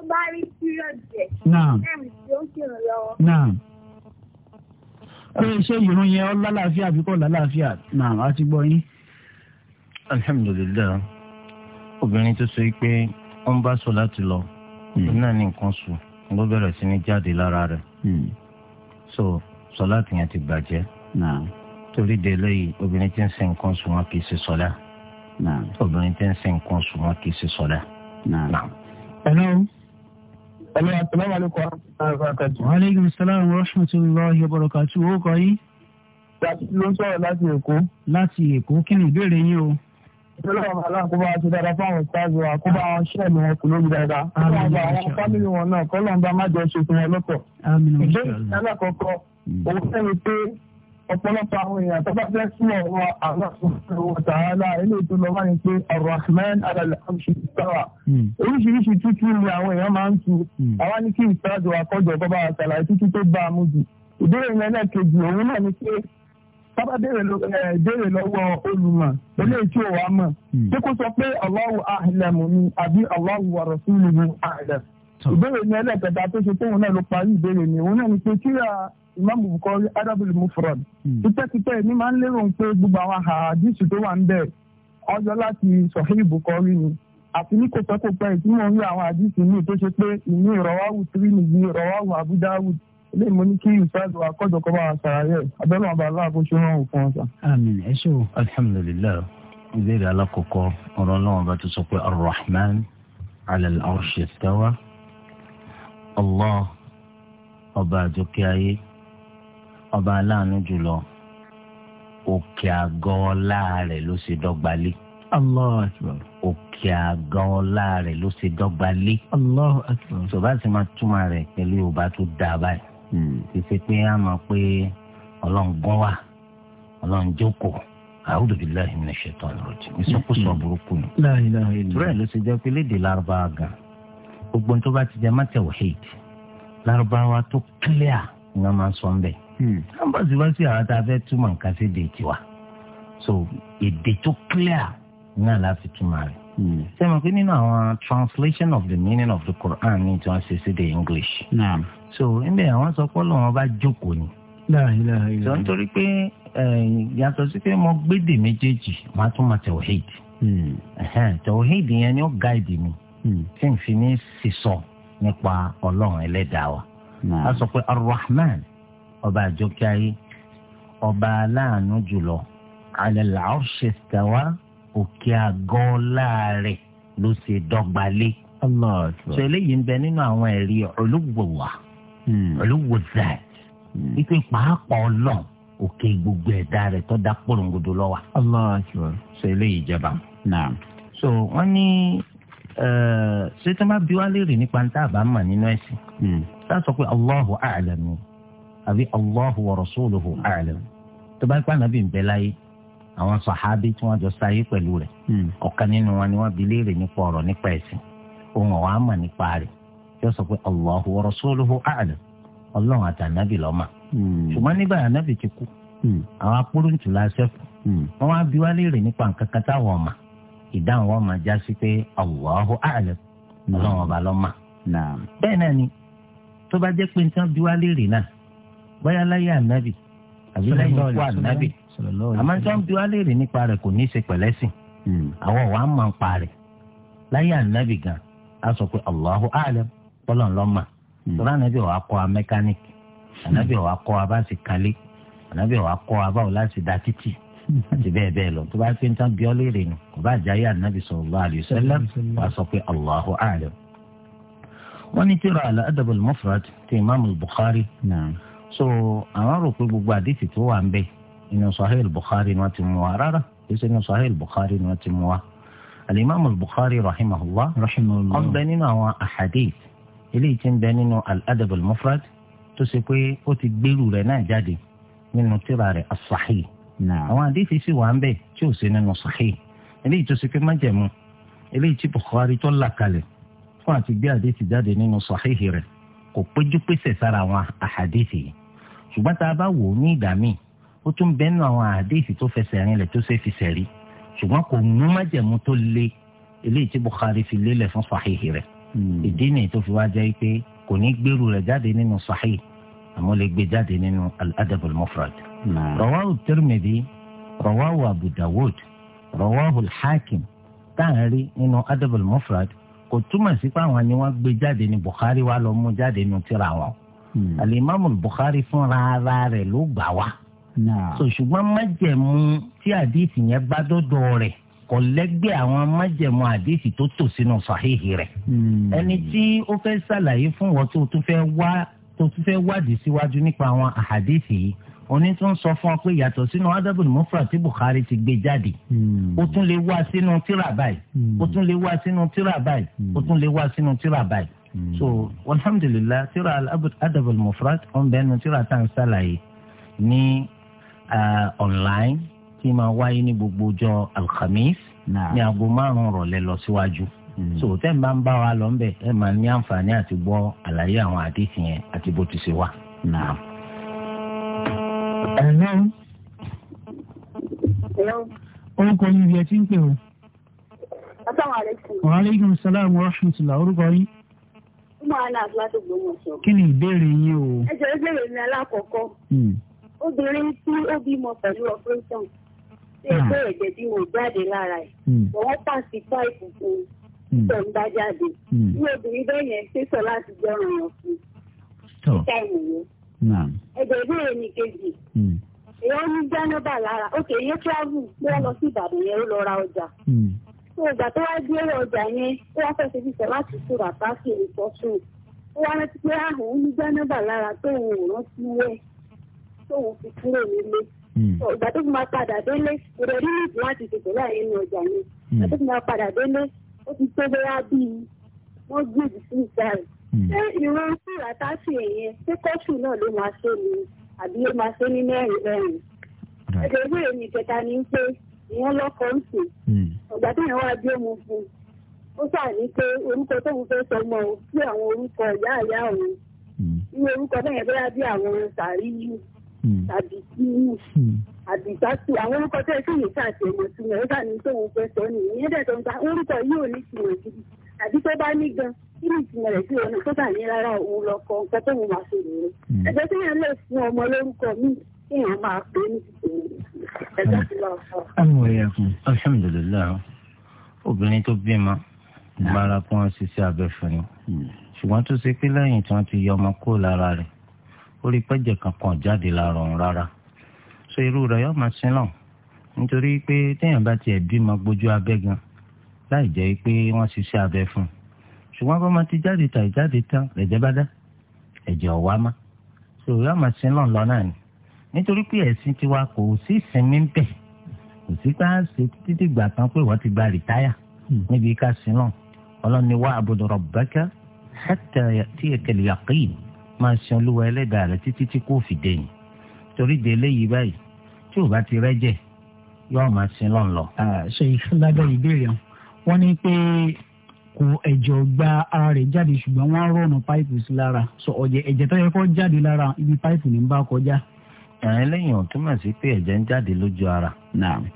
tó bá rí pírọ̀dì ẹ̀ m tó ń kírun lọ́wọ́. pé ṣé ìrun yẹn ọ lálàáfíà bí kò lálàáfíà náà á ti gbọ́ yín. alhamdulilayi obìnrin tó sọ pé ó ń bá sọ láti lọ hmm. náà ní nǹkan sùn ló bẹ̀rẹ̀ sí ní jáde lára rẹ̀ hmm. so sọlá tìyẹn ti bàjẹ́ torí de lẹ́yìn obìnrin tí ń ṣe nǹkan sùn wọn kì í ṣe sọlá obìnrin tí ń ṣe nǹkan sùn wọn kì í ṣe sọlá. hello. Ẹ̀mí àtàlámà ló kọ́ àrùkàtù. Wa alaikum salaam wa rahmatullahi wa barakatuh. Owó kọ yín. Láti ló ń sọ̀rọ̀ láti Èkó. Láti Èkó, kí ni ìbéèrè yín o? Ìjọba bàbá kó bá ti dára fáwọn ìtajà wa, kó bá wọn ṣẹ́ẹ̀lì wọn kò lóbi dáadáa. Kó bá wọn àwọn fámìlì wọn náà, kọ́ lọ́nba má jọ ṣe fún wọn lọ́pọ̀. Ìgbésẹ̀ alákọ̀ọ́kọ́, òun ọ̀pọ̀lọpọ̀ àwọn èèyàn tó bá fẹ́ sí ọ̀rọ̀ Allah subhanahu wa ta'ala ilé ètò lọ́wọ́ ni pé Ar-Rahman ala al-arshi istawa. Hmm. oríṣiríṣi tútù ni àwọn èèyàn máa ń tu hmm. àwa ní kí ìsáàjò àkọ́jọ bọ́bá àtàlàyé tútù tó bá a mú jù. ìbéèrè yẹn lẹ́ẹ̀kejì òun náà ni pé sábà béèrè lọ́wọ́ olùmọ̀ hmm. eléyìí tí ò wá mọ̀. ṣé sọ pé Allahu a'lamu ni àbí Allahu wa ìbéèrè mi ẹlẹ́kẹta tó ṣe tóun náà ló parí ìbéèrè mi òun náà ni pé kíra ìmáàmù Bukhari adabul mufrad hmm. títẹ́títẹ́ mi máa ń lérò pé gbogbo àwọn àhàdísù tó wà ń bẹ̀ ọjọ́ láti sọ̀hìn Bukhari ni àti ní kò pẹ́kò pẹ́ tí mò ń rí àwọn àdísù míì tó ṣe pé ìní ìrọ̀wáwù Tirmidhi ìrọ̀wáwù Abu Dawud ilé ìmọ̀ ní kí ìfáàdù akọ́jọ kọ́ abẹ́rẹ́ wọn allah ọba àjọkẹ́ ayé ọba aláàánú jùlọ òkè àgọ́ ọlá rẹ̀ ló ṣe dọ́gba lé. allah akbar. òkè àgọ́ ọlá rẹ̀ ló ṣe dọ́gba lé. allah akbar. tó bá ti máa túmọ̀ rẹ̀ pẹ̀lú yorùbá tó dáa báyìí. fífi hmm. pé a mọ̀ pé ọlọ́ngún wà ọlọ́njókòó àwùjọ bíi láàyè ní ṣètò àlọ́ rẹ̀ jù. ìsọkúsọ hmm. burúkú ni. láàyè láàyè. ìtura ẹ̀ ló ṣe jẹ́ pé léde lárúbáwá gan-an gbogbo tó bá ti jẹ má tawhid lárúbáwá tó clear ni wọn máa ń sọ ń bẹ. Hmm. wọn wá sí àwọn tá a fẹ́ túmọ̀ nǹkan sí èdè tiwa so èdè tó clear náà la fi túmọ̀ rẹ̀. Hmm. ṣé mo pé nínú àwọn translation of the meaning of the Quran ní tí wọ́n ṣe sí the English. Naam. so níbẹ̀ àwọn sọ pé Ọlọ́run bá jókòó ni. La ilaha illallah. sọ nítorí pé yàtọ̀ sí pé mo gbédè méjèèjì máa tún máa tawhid. Hmm. tawhid yẹn ni ó gáàdì mi. Hmm. tí n fi ní sísọ nípa ọlọ́run ẹlẹ́dàá wa. a sọ pé arrahman ọba àjọkẹ́ ayé ọba aláàánú jùlọ alẹ́ làásù tẹ̀wá òkè àgọ́ láàrẹ̀ ló ṣe dọ́gbalé. sọ eléyìí ń bẹ nínú àwọn ẹ̀rí olúwòwà hmm. olúwòzà hmm. wípé pàápàá ọlọ́run òkè gbogbo ẹ̀dá rẹ̀ tó dá pòròngodo lọ́wọ́. sọ eléyìí jẹba. so wọ́n ní Eh, ṣé tí wọ́n bá bí wá léèrè nípa níta àbá mà nínú ẹ̀sìn hmm. tá a sọ pé Allahu a'lam àbí Allahu wa rasuluhu a'lam tó bá pa nàbí nbẹ láyé àwọn sàhábí tí wọ́n jọ sáyé pẹ̀lú rẹ̀ hmm. ọ̀kan nínú wọn ni wọ́n bí léèrè nípa ọ̀rọ̀ nípa ẹ̀sìn òun ọ̀wá mà nípa rẹ̀ yóò sọ pé Allahu wa rasuluhu a'lam ọlọ́run àtànábì lọ́mà hmm. ṣùgbọ́n nígbà ànábì ti kú àwọn apóròǹtù la ṣẹ́kù wọ́n wá bí wá léèrè nípa nǹkan táwọn ọ̀mà ìdáhùn wọn máa já sí pé Allahu a'lam ọlọ́run ọba lọ́mà. bẹ́ẹ̀ náà ni tó bá jẹ́ pé nǹkan bí wá léèrè náà bóyá láyé ànábì àbí ikú ànábì àmọ́ nǹkan bí wá léèrè nípa rẹ̀ kò ní í ṣe pẹ̀lẹ́sìn hmm. àwọn máa ń pa rẹ̀ láyé ànábì gan a sọ pé Allahu a'lam ọlọ́run lọ́mà hmm. tọ́lá ànábì kọ́ ànábì kọ́ bá sì kalẹ̀ ànábì àti bẹ́ẹ̀ bẹ́ẹ̀ lọ tó bá fi ń tán bí ọ léèrè ni kò bá jáyé ànábì sallallahu alaihi wasallam wàá sọ pé Allahu a'lam. wọ́n ní tíra al-adab al-mufrad ti imaamu bukhari so àwọn rò pé gbogbo àdìsí tó wà ń bẹ inú sahih bukhari ni wọ́n ti mú wa rárá kìí inú sahih bukhari ni wọ́n ti mú wa. al-imaamu al-bukhari ọ̀n bẹ nínú àwọn ahadith eléyìí ti ń bẹ nínú al mufrad tó ṣe pé ó ti gbèrú rẹ̀ náà jáde nínú tíra rẹ̀ as àwọn àdéhìí sì wà ń bẹ tí ò sí nínú sahih eléyìí tó ṣe pé májẹ̀mú eléyìí tí Bukhari tó là kalẹ̀ fún àti gbé àdéhìí jáde nínú sahih rẹ̀ kò péjú pèsè sára àwọn àhàdéhìí yìí ṣùgbọ́n tá a bá wò ó ní ìdá míì ó tún bẹ́ẹ̀ nù àwọn àdéhìí tó fẹsẹ̀ rinlẹ̀ tó ṣe fi sẹ̀rí ṣùgbọ́n kò mú májẹ̀mú tó le eléyìí tí Bukhari fi lélẹ̀ fún sahih rẹ̀ hmm. ìdí nìyí tó fi wá jẹ́ pé kò ní gbèrú rẹ̀ jáde nínú sahih àmọ́ lè gbé jáde nínú al mufrad rọwáhù tẹrìmẹdì rọwáhù abu dawud rọwáhù hakim táàrí nínú adabul mufrad kò túmọ̀ sí pé àwọn ni wọ́n gbé jáde ní bukhari wa lọ mú jáde nù tíra wọn. alimami bukhari fúnra ara rẹ̀ ló gbà wá. so ṣùgbọ́n májẹ̀mú tí àdìsí yẹn bá dọ́dọ̀ rẹ̀ kò lẹ́gbẹ́ àwọn májẹ̀mú àdìsí tó tò sínú sàhíhì rẹ̀. Hmm. ẹni tí ó fẹ́ ṣàlàyé fún wọn tó tún fẹ́ wá tó tún fẹ́ wádìí síwájú nípa àwọn àhàdíìsì yìí oní tún sọ fún ọ pé yàtọ̀ sínú adabul mufrad tí Bukhari ti gbé jáde hmm. ó tún lè wá sínú tírà báyìí hmm. ó tún lè wá sínú tírà báyìí hmm. ó tún lè wá sínú tírà báyìí so alhamdulilah tírà adabul mufrad ọ̀n bẹ́ẹ̀ nu tírà tá à ní online tí máa wáyé ní gbogbo ọjọ́ alhamis ní aago márùn-ún rọ̀lẹ́ lọ síwájú. Si Mm. so tẹ́ ń bá ń bá wa lọ ń bẹ̀ ẹ máa ní àǹfààní àti gbọ́ àlàyé àwọn àdìsí yẹn àti bó ti ṣe wà. ẹ̀lọ́ orúkọ yìí ibi ẹ ti ń pè o. wa alaikum salaam wa rahmatullah orúkọ yìí. ọmọ aláàfin láti gbọmọṣọ. kí ni ìbéèrè yín o. ẹ jẹ́ ìbéèrè mi alákọ̀ọ́kọ́ hmm. obìnrin tí ó bímọ pẹ̀lú operation ṣé ẹgbẹ́ hmm. ẹ̀jẹ̀ bí wọ́n jáde lára ẹ̀ hmm. wọ́n pàṣẹ páìpù fún Hmm. tó ń bá jáde hmm. ní obìnrin bẹ́ẹ̀ yẹn sọ láti jẹ́ ọ̀ràn yẹn fún ìta ìmọ̀yẹn. ẹ̀jẹ̀ ìbéèrè kejì èèyàn hmm. ní jẹ́nẹ́bà lára òkè yẹn travel bí wọ́n lọ sí ìbàdàn yẹn ọjà. tó ìgbà tó wá ọjà yẹn ó wá ṣe ó wá rántí pé ah, lára tóun ò rántí tóun fi kúrò nílé ìgbà tó fi máa padà délé ó ti tó bóyá bíi wọ́n gbèdì sí ìta rẹ̀. Hmm. ṣé ìran fúra táṣì ẹ̀yẹn ṣé kọ́ṣù náà ló máa ṣe ni àbí ó máa ṣe ní mẹ́rin mẹ́rin. ẹ̀jẹ̀ ìwé mi kẹta ni pé ìyẹn lọ́kọ̀ ń sè hmm. ọ̀gbà tó yẹn wá bí òun fún un ó sà ní pé orúkọ tóun fẹ́ sọ mọ́ ọ sí àwọn orúkọ ìyá ìyá òun hmm. irú orúkọ bẹ́ẹ̀ bẹ́ẹ̀ bí àwọn sàríyù tàbí kíyù àdìgbàsí àwọn orúkọ tó ẹsẹ yìí kà sí ẹyọ sí ẹyọ ní tóun fẹ́ sọ ni ìyẹn dẹ tó ń ta orúkọ yìí ò ní ìtumọ̀ gidi àbí tó bá ní gan kí ni ìtumọ̀ rẹ̀ sí ọ̀nà tó bá ní rárá òun lọ kọ nǹkan tó ń wá sí ìlú ẹgbẹ́ tí yẹn lè fún ọmọ lórúkọ míì kí yẹn máa pè é ní ìtumọ̀ ẹgbẹ́ tí lọ sọ. àwọn ẹ̀yà kan alhamdulilayi obìnrin tó bímọ gbára kí wọ́n ṣiṣẹ́ abẹ fún ni hmm. ṣùgbọ́n tó ṣe pé lẹ́yìn tí wọ́n ti yọ ọmọ kó lára rẹ̀ ó rí pẹ́jẹ kankan jáde lára òun rárá so irú rẹ̀ yóò máa sin lọ nítorí pé téèyàn bá tiẹ̀ bímọ gbójú abẹ́ gan láì jẹ́ pé wọ́n ṣiṣẹ́ abẹ fún un ṣùgbọ́n bá máa ti jáde tà ìjáde tán lẹ̀jẹ̀ bá dá ẹ̀jẹ̀ ọ̀wá má so yóò máa sin lọ lọ náà ni nítorí pé ẹ̀sìn tiwa kò sí ìsinmi ń bẹ̀ kò sí ká ṣe títí gbà tán pé wọ́n ti gba rìtáyà hmm. níbi ká sin lọ ọlọ́ni wá abudu rabbaka hatta ya'tiyakal yaqin máa sin olúwa ẹlẹ́dàá rẹ̀ títí tí kò fi dé yìí torí de eléyìí báyìí tí ò bá ti rẹ́jẹ̀ yóò máa sin lọ́n lọ. ṣe ìfúnlábẹ́ ìbéèrè wọn ní pé kò ẹ̀jọ̀ gba ara rẹ̀ jáde ṣùgbọ́n wọ́n rọ̀nà páìpù sí lára sọ ọ̀jẹ̀ ẹ̀jẹ̀ tó yẹ kó jáde lára ibi páìpù ní bá kọjá. ẹ̀rín lẹ́yìn ò túmọ̀ sí pé ẹ̀jẹ̀ ń jáde lójú ara.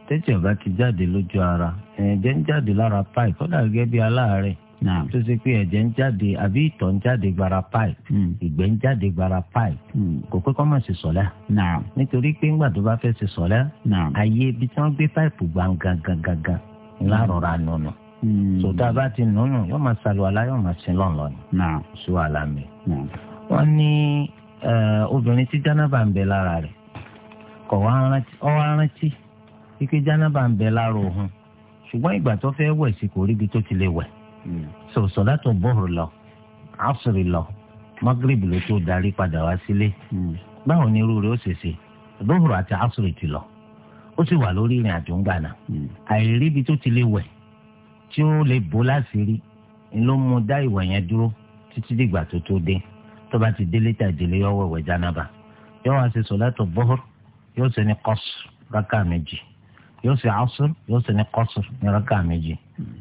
tẹ́tí ọ̀gá ti jáde lójú ara ẹ̀jẹ̀ ń jáde lára páìpù ó dàgẹ́ bí aláàárẹ̀ tó ṣe pé ẹ̀jẹ̀ ń jáde àbí ìtọ̀ ń jáde gbara pipe hmm. ìgbẹ́ ń jáde gbara pipe hmm. kò pé kọ́ máa ṣe sọ̀lá nítorí pé ńgbà tó bá fẹ́ ṣe sọ̀lá àyè ibi tí wọ́n gbé pipe gbangangangangan ńlárọ̀ra hmm. nùnù sòtá bá ti nùnù yóò máa ṣàlùwàlá yóò máa ṣe lọ́nlọ́ ni ṣù àlàmì. wọ́n ní obìnrin tí jánábà ń bẹ lára rẹ̀ kọ̀ wá rántí wípé jánábà ń bẹ lára òun ṣùgbọ́n ìgbà tó fẹ́ wẹ̀ sí kò ríbi tó ti lè wẹ̀ so sọ̀látù bọ́ọ̀rù lọ àṣírí lọ magrib ló tó darí padà wá sílé hmm. báwo ni irú rẹ̀ ó ṣe ṣe bọ́ọ̀rù àti àṣírí ti lọ ó sì wà lórí ìrìn àjò ń gbà náà hmm. àìrí ibi tó ti lè wẹ̀ tí ó lè bó láṣìírí ló mú dá ìwẹ̀ yẹn dúró títí dìgbà tó tó dé tó bá ti délé tàdílé yọ wẹ̀wẹ̀ jánábà yóò wá ṣe sọ̀látù bọ́ọ̀rù yóò ṣe ní kọ́sù rákà méjì yóò ṣe àṣírí yóò ṣe ní kọ́sù ní rákà méjì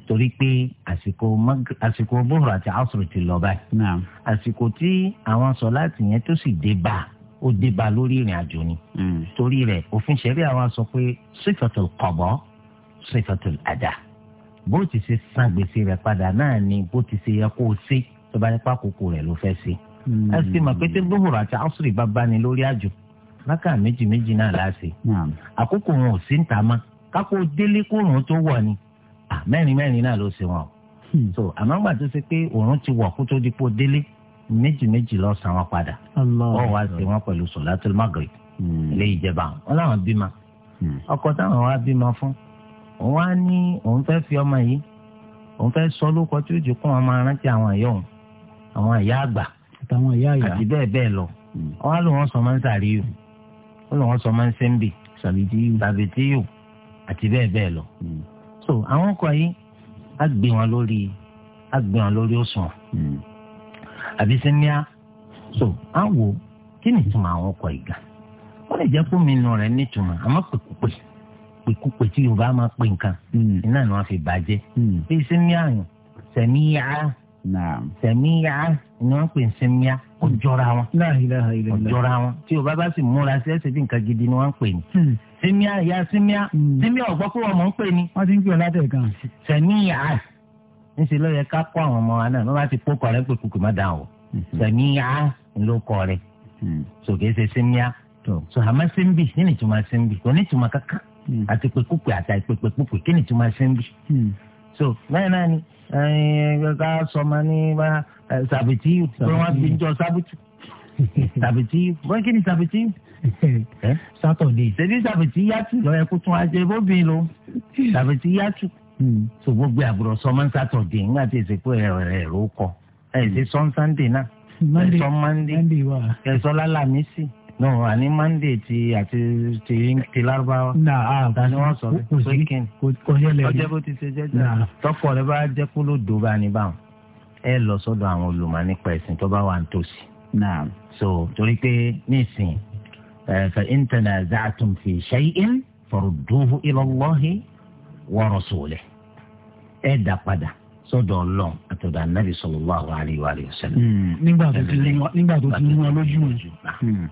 torí pé àsìkò àsìkò bóòrò àti àsìrò ti lọ báyìí àsìkò tí àwọn sọláàtì yẹn tó sì dé bá ó dé bá lórí ìrìn àjò ni mm. torí rẹ̀ òfin ṣẹ̀rí àwọn sọ pé sífàtul kọ̀bọ̀ sífàtul àdá bó ti ṣe san gbèsè rẹ̀ padà náà ni bó ti ṣe yẹ kó o ṣe tó bá nípa àkókò rẹ̀ ló fẹ́ ṣe ẹ mm. sì mọ̀ pé tí bóòrò àti àsìrò bá bá ni lórí àjò lákà méjì méjì náà láṣẹ àkókò wọn ò sí ń ta mọ́ kápò délé kóòrùn Ah, mẹ́rin mẹ́rin náà ló ṣe wọn o hmm. so àmọ́ gbà tó ṣe pé òun ti wọ̀ kó tó di pò délé méjì méjì lọ san wọn padà wọ́n wá ṣe wọn pẹ̀lú sọ̀látùl magrib hmm. lè ìjẹba wọn làwọn bímọ hmm. ọkọ táwọn wá bímọ fún òun wá ní òun fẹ́ fi ọmọ yìí òun fẹ́ sọ lóko tí ó jù kún ọmọ arántí àwọn ìyá òun àwọn ìyá àgbà àti bẹ́ẹ̀ bẹ́ẹ̀ lọ wọn lò wọn sọ máa ń sàríyù wọn lò wọn sọ máa ń sẹ́ńbì sàbìtìyù àti bẹ́ẹ̀ bẹ́ẹ̀ lọ so àwọn ọkọ yìí á gbé wọn lórí á gbé wọn lórí òsùn hmm. àbí sẹ́niá so á wò kí ni ìtumọ̀ àwọn ọkọ yìí gan wọ́n lè jẹ́ kó mi nù rẹ̀ nítumọ̀ àmọ́ pèkúpè pèkúpè tí yorùbá máa pè nǹkan hmm. iná ni wọ́n fi bàjẹ́ hmm. bí sẹ́niá yẹn sẹ́niá ni wọ́n pè sẹ́niá kò jọra wọn. kò jọra wọn tí o bá bá sì múra sí ẹsẹ̀ bí nǹkan gidi ni wọ́n ń pè ní. simia ya simia simia ọ̀gbọ́n pé wọ́n mọ̀ ń pè ní. wọ́n ti ń pè ọ́ látẹ̀ kan. sẹ̀níyà níṣẹ́ ló yẹ ká kó àwọn ọmọ wa náà wọ́n bá ti kó kọ̀ rẹ́ pé kùkù má dà o. Hmm. sẹ̀níyà ló kọ rẹ̀ hmm. sòkè ṣe simia. sọ àmọ́ simbi kí ni ìtumọ̀ simbi kò ní ìtumọ̀ kankan hmm. àti pèkúpè àti àìpèpèkúpè kí ni ìtumọ̀ simbi. so báyìí náà ni ká sọ ma ní bá Eh, sàbìtì yìí pé wọ́n fi ń jọ sábùtù sàbìtì yìí wọ́n kí ni sàbìtì yìí eh? sátọ̀dé. ṣèbí sàbìtì yàtù lọ́yẹ kó tún ajẹ́ bóbin lo sàbìtì yàtù. Hmm. so gbogbo àbúrò sọmọ sátọ̀dé ńgbà tí èsì pé ẹ̀rọ ẹ̀rọ kọ ẹ̀sì sọ́n sànńdé náà ẹ̀sọ́ mándé ẹ̀sọ́ lálàmísì no àní mande ti àti ti ti Lárúbáwá. na a ta ni wọn sọ pé kò sí kò yẹlẹ rí ọjọ́ bó ti ṣe jẹjẹ tọkọ rẹ bá jẹ kó ló dò bá ní báwọn ẹ lọ sọ́dọ̀ àwọn olùmọ̀ nípa ẹ̀sìn tó bá wà nítòsí. naam. so torí pé nísìn fa in tanaza'tum fi shay'in farudduhu ila Allahi wa rasulih ẹ dá padà sọ́dọ̀ Ọlọ́run àtọ̀dọ̀ anabi sallallahu alayhi wa sallam. Hmm. nígbà tó ti nígbà tó ti mú wọn lójú wọn. Hmm.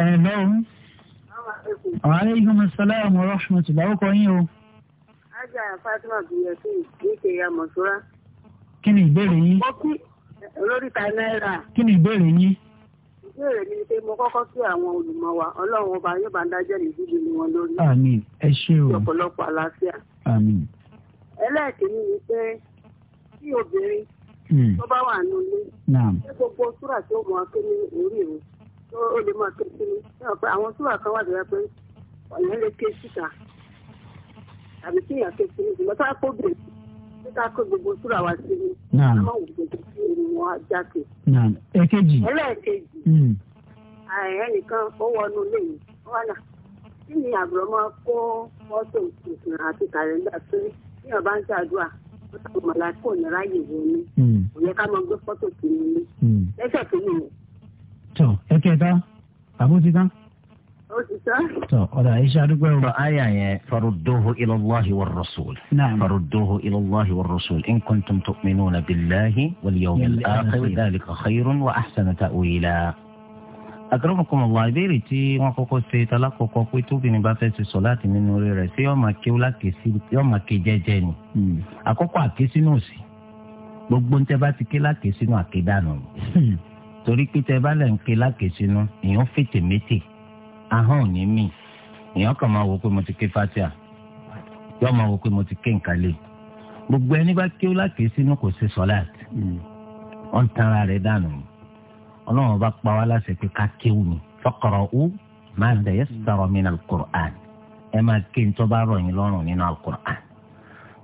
ẹ lọ́run. aleykum salaam wa rahmatulah. ó kọ yín o. ajá fatima bìyànjú ìkéyà mọ̀sọ́rá kí ni ìbéèrè yín. mo kí olórí ta náírà. kí ni ìbéèrè yín. ìbéèrè mi ni pé mo kọ́kọ́ sí àwọn olùmọ̀ wa ọlọ́run ọba yóò bá ń dájẹ́ ní ìdíje ni wọn lórí. àmín ẹ ṣé o. ọ̀pọ̀lọpọ̀ àlàáfíà. àmín. ẹlẹ́ẹ̀kìnní ni pé tí obìnrin hmm. tó bá wà nílé ṣé gbogbo súrà tó mọ̀ ọ́ ní orí rẹ̀ tó o lè máa ké sí ni àwọn súrà kan wà lóyún pé ọ̀yẹ́ lè ké síta tàbí kí ká kó gbogbo súra wa sí ni a máa wù gbogbo sí ni wọn á jáde. ẹ̀kejì. ẹlẹ́ẹ̀kejì. Hmm. ó wọnú ilé yìí kí ni àbúrò máa kó mọ́tò àti kàlẹ́ndà sí ní ń ṣàdúrà hmm. yẹ ká máa gbé ọ̀dà iṣẹ́ àdúgbò ọ̀rọ̀ àyà فردوه إلى الله والرسول rasul farudóhu ilàláhi wa rasul in kuntum tu'minuna billahi wal yawmil akhir dhalika khayrun wa ahsanu ta'wila. akérèmọkùnmọ wa ìbéèrè tí wọn kọ́kọ́ ṣe talakọkọ pé tóbìnrin bá fẹ́ ṣe sọ láti nínú orí rẹ̀ ṣé ọmọ akéwúlá kèsì ọmọ akejẹjẹ ni hmm. àkọ́kọ́ àkésínú sí gbogbo ń tẹ bá ti ké lákèsínú àkédànù hmm. torí pé tẹ bá lẹ̀ ń ké lákèsínú èèyàn fètèmétè ahọ́n ò ní mì èèyàn kàn máa wò pé fatia yóò máa wò pé mo ti ké gbogbo ẹni bá kí ó lákèé sínú kò ṣe sọláàt ọ̀ tanra rẹ̀ dànù ọlọ́run bá pa wá láṣẹ pé ká kéwù ni faqra'u ma tayassara min al-Qur'an ẹ máa ké rọ̀ yín lọ́rùn nínú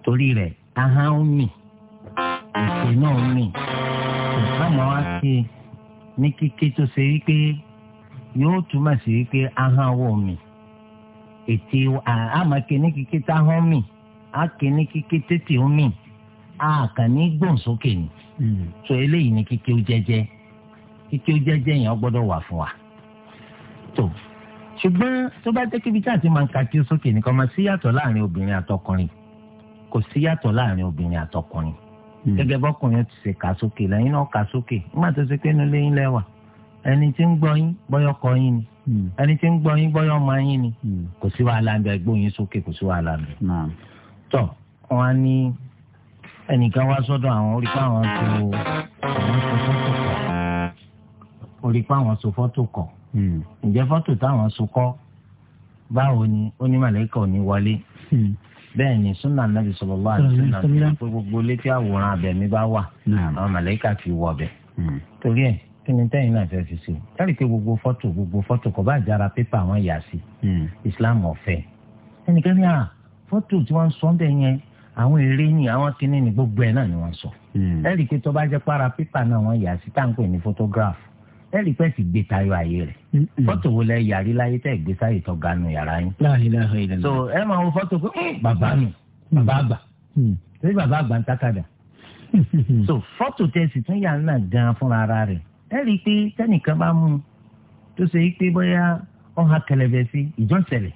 torí ahọ́n ìṣe náà yóò túmọ̀ sí wípé ahọ́n wò mí ètè àmọ́ kíní kíké táhọ́n mì á kíní kíké tètè ó mì á gbòǹsókè ni tó hmm. eléyìí ni kíké ó jẹ́jẹ́ kíké ó wà fún wa tó ṣùgbọ́n tó bá jẹ́ kíbi tí àti máa ń ka kí ó sókè ni máa síyàtọ̀ láàrin obìnrin àtọkùnrin kò síyàtọ̀ láàrin obìnrin àtọkùnrin hmm. gẹ́gẹ́ bọ́kùnrin ti ṣe kà sókè lẹ́yìn náà kà sókè pé ẹni tí ń gbọ́ yín bọ́yọ̀ kọ́ yín ni hmm. ẹni tí ń gbọ́ yín bọ́yọ̀ máa yín ni hmm. kò sí wàhálà ń bẹ gbóyin sókè kò sí wàhálà ń bẹ. tọ wọn ní ẹnìkan wá sọ́dọ̀ àwọn orí pé àwọn so orí pé àwọn so fọ́tò kọ hmm. ǹjẹ́ fọ́tò táwọn so kọ báwo ni ó ní màlẹ́kà ò ní wọlé bẹ́ẹ̀ ni sunna nabi sallallahu alaihi wasallam pé gbogbo létí àwòrán abẹ̀mí bá wà àwọn màlẹ́kà ti wọ̀ bẹ́ẹ̀ torí ẹ̀ kí ni tẹ́yìn náà fẹ́ fi ṣe kárí pé gbogbo fọ́tò gbogbo fọ́tò kò bá jára pépà wọn yà sí hmm. islam ọ̀fẹ́ ẹnikẹ́ni à fọ́tò tí wọ́n ń sọ ọ́nbẹ̀ yẹn àwọn eré ni àwọn kinní ni gbogbo ẹ̀ náà ni wọ́n sọ hmm. ẹ̀rí pé tó bá jẹ́ para pépà náà wọ́n yà sí táǹpẹ̀ ní photograph ẹ̀rí pé sì gbé tayọ ayé rẹ̀ hmm. fọ́tò wo lẹ yàrí láyé tẹ́ gbé sáyé tó ga nu yàrá yín so ẹ máa wo fọ́tò pé bàbá mi bàbá so fọ́tò tẹ̀sí tún yà ń nà gan ẹ rí i pé tẹnìkan bá mú un tó ṣe pé bóyá ọ̀n ha kẹlẹ̀bẹ̀ sí ìjọ́sẹ̀lẹ̀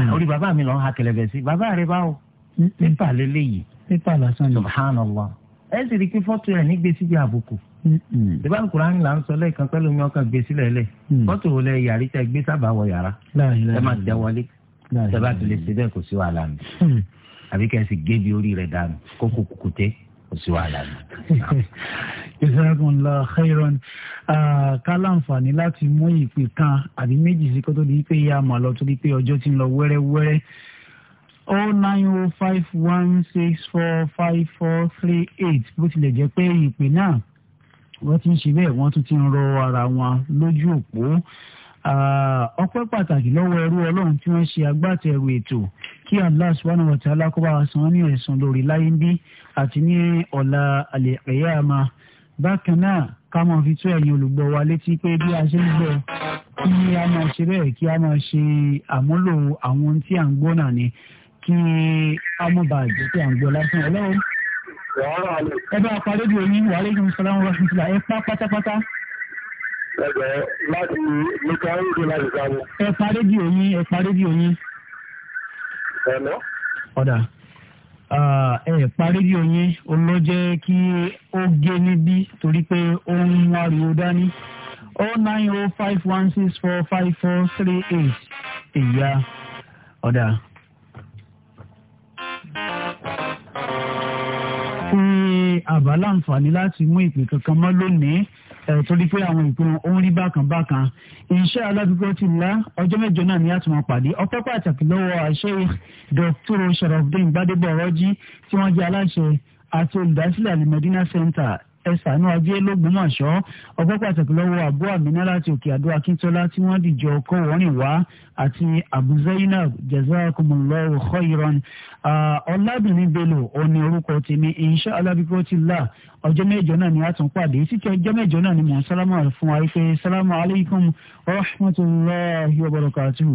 ah, orí bàbá mi lọ́n ha kẹlẹ̀bẹ̀ sí bàbá rẹ báwo pépà lélẹ́yìí pépà lásán ni subhanallah ẹ sì rí i pé fọ́tò ẹ̀ ní gbèsè bí àbùkù ìbá kùránì là ń sọ lẹ́ẹ̀kan pẹ́lú mi ọkàn gbé sílẹ̀ lẹ̀ mm. fọ́tò wo lẹ yàrá tẹ gbé sábà wọ yàrá ẹ máa jẹ wọlé tẹ bá ti lè ṣe bẹ́ẹ̀ kò sí wàhálà mi mm. àbí kẹ́ ẹ sì gé bí orí rẹ̀ dànù kó kó kùkùté kò sí wàhálà ni. jazakumullah khairan ká láǹfààní láti mú ìpè kan àbí méjì sí kó tó di pé yá màá lọ torí pé ọjọ́ ti ń lọ wẹ́rẹ́wẹ́rẹ́ oh nine oh five one six four five four three eight bó tilẹ̀ jẹ́ pé ìpè náà wọ́n ti ń ṣe bẹ́ẹ̀ wọ́n tún ti ń rọ ara wọn lójú òpó. Ah, ọpẹ́ pàtàkì lọ́wọ́ ẹrú ọlọ́run tí wọ́n ṣe agbátẹrù ètò kí allah subhanahu wa ta'ala kó bá wa san ní ẹ̀san lórí láyé ń bí àti ní ọ̀la àlẹ́kẹ̀yàmá bákan náà ká máa fi tó ẹ̀yin olùgbọ́ wa létí pé bí a ṣe ń gbọ́ kí a máa ṣe bẹ́ẹ̀ kí a máa ṣe àmúlò àwọn ohun tí à ń gbọ́ náà ni kí a mọ̀ bá àjẹ́ tí à ń gbọ́ lásán ọlọ́run. ẹ bá a parí di oyin wàhálà ìgbìmọ̀ sọ́lá ẹgbẹ́ láti mẹ́ta rúdú láti sáwọ́. ẹ pa rédíò yín ẹ pa rédíò yín. ẹ̀lọ́. ọ̀dà ẹ pa rédíò yín ó lọ jẹ́ kí ó gé níbí torí pé ó ń wáriwo dání o nine o oh five one six four five four three eight ìyá ọ̀dà. ṣé àbá láǹfààní láti mú ìpè kankan mọ́ lónìí torí pé àwọn ìpinnu òun rí bákan bákan iṣẹ́ alábíkọ́ ti la ọjọ́ mẹ́jọ náà ni a tún máa pàdé ọpẹ́ pàtàkì lọ́wọ́ Sheikh Dr. Sharafdin Gbadebo Ọ̀rọ̀jí tí wọ́n jẹ́ aláṣẹ àti olùdásílẹ̀ al Center ẹsànú ajé lógbómọ̀ṣọ́ ọpẹ́ pàtàkì lọ́wọ́ àbú àmínà láti òkè àdó akíntola tí wọ́n dìjọ ọkọ wọrin wá àti abu zainab jazakumullahu khairan ọlábìnrin bello òní orúkọ tèmi insha alábìkó ti là ọjọ́ mẹ́jọ náà ni a tún pàdé títí ọjọ́ mẹ́jọ náà ni mò sálámà fún wa ife sálámà aleykum rahmatulahi wa barakatuhu.